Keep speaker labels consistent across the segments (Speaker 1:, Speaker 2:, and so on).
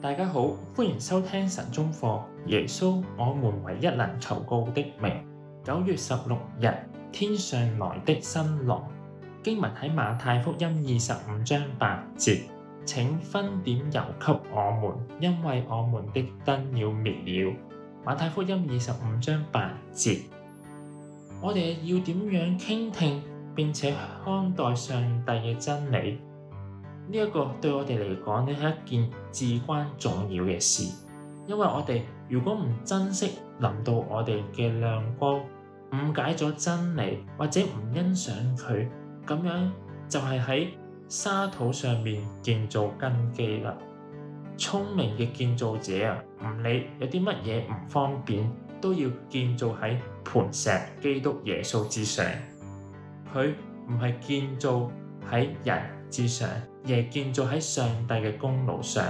Speaker 1: 大家好，歡迎收聽晨鐘課。耶穌，我們唯一能求告的名。九月十六日，天上來的新郎。經文喺馬太福音二十五章八節，請分點油給我們，因為我們的燈要滅了。馬太福音二十五章八節，我哋要點樣傾聽並且看待上帝嘅真理？呢一個對我哋嚟講咧係一件至關重要嘅事，因為我哋如果唔珍惜臨到我哋嘅亮光，誤解咗真理或者唔欣賞佢，咁樣就係喺沙土上面建造根基啦。聰明嘅建造者啊，唔理有啲乜嘢唔方便，都要建造喺磐石基督耶穌之上。佢唔係建造喺人之上，而是建造喺上帝嘅功勞上，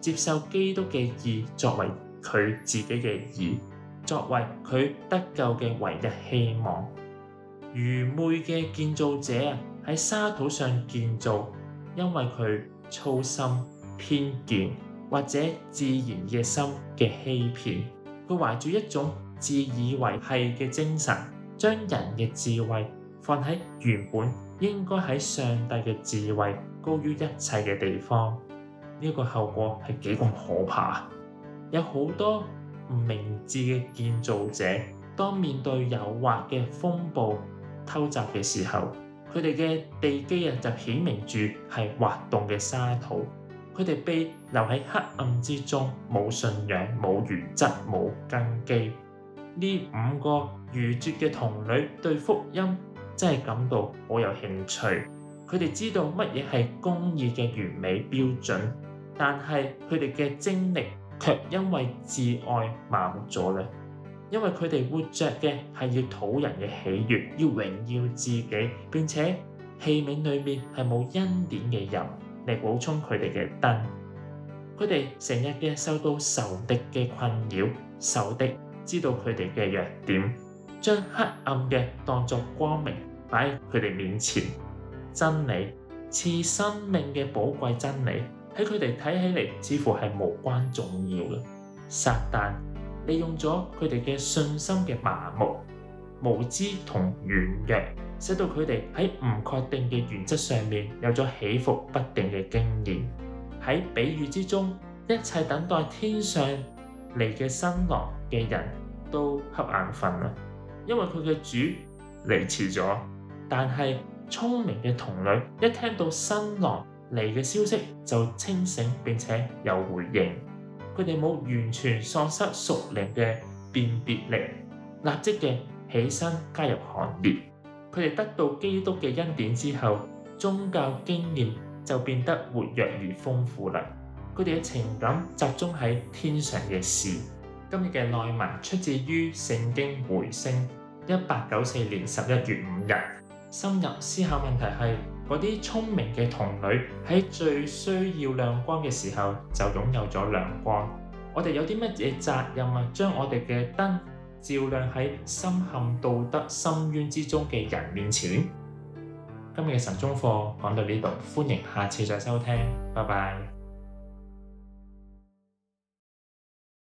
Speaker 1: 接受基督嘅義作為佢自己嘅義，作為佢得救嘅唯一希望。愚昧嘅建造者啊，喺沙土上建造，因為佢操心、偏見或者自然嘅心嘅欺騙，佢懷住一種自以為是嘅精神，將人嘅智慧。放喺原本應該喺上帝嘅智慧高於一切嘅地方，呢個後果係幾咁可怕？有好多唔明智嘅建造者，當面對誘惑嘅風暴偷襲嘅時候，佢哋嘅地基啊就顯明住係滑動嘅沙土，佢哋被留喺黑暗之中，冇信仰、冇原則、冇根基。呢五個愚拙嘅童女對福音。真係感到好有興趣，佢哋知道乜嘢係公義嘅完美標準，但係佢哋嘅精力卻因為自愛盲目咗咧。因為佢哋活着嘅係要討人嘅喜悅，要榮耀自己，並且器皿裏面係冇恩典嘅油嚟補充佢哋嘅燈。佢哋成日嘅受到仇敵嘅困擾，仇敵知道佢哋嘅弱點，將黑暗嘅當作光明。喺佢哋面前，真理係生命嘅寶貴真理，喺佢哋睇起嚟，似乎係無關重要嘅。撒旦利用咗佢哋嘅信心嘅麻木、無知同軟弱，使到佢哋喺唔確定嘅原則上面有咗起伏不定嘅經驗。喺比喻之中，一切等待天上嚟嘅新郎嘅人都瞌眼瞓啦，因為佢嘅主嚟遲咗。但係聰明嘅童女一聽到新郎嚟嘅消息就清醒並且有回應，佢哋冇完全喪失屬靈嘅辨別力，立即嘅起身加入行列。佢哋得到基督嘅恩典之後，宗教經驗就變得活躍而豐富啦。佢哋嘅情感集中喺天上嘅事。今日嘅內文出自於聖經回聲，一八九四年十一月五日。深入思考問題係嗰啲聰明嘅童女喺最需要亮光嘅時候就擁有咗亮光。我哋有啲乜嘢責任啊？將我哋嘅燈照亮喺深陷道德深淵之中嘅人面前。今日嘅晨鐘課講到呢度，歡迎下次再收聽，拜拜。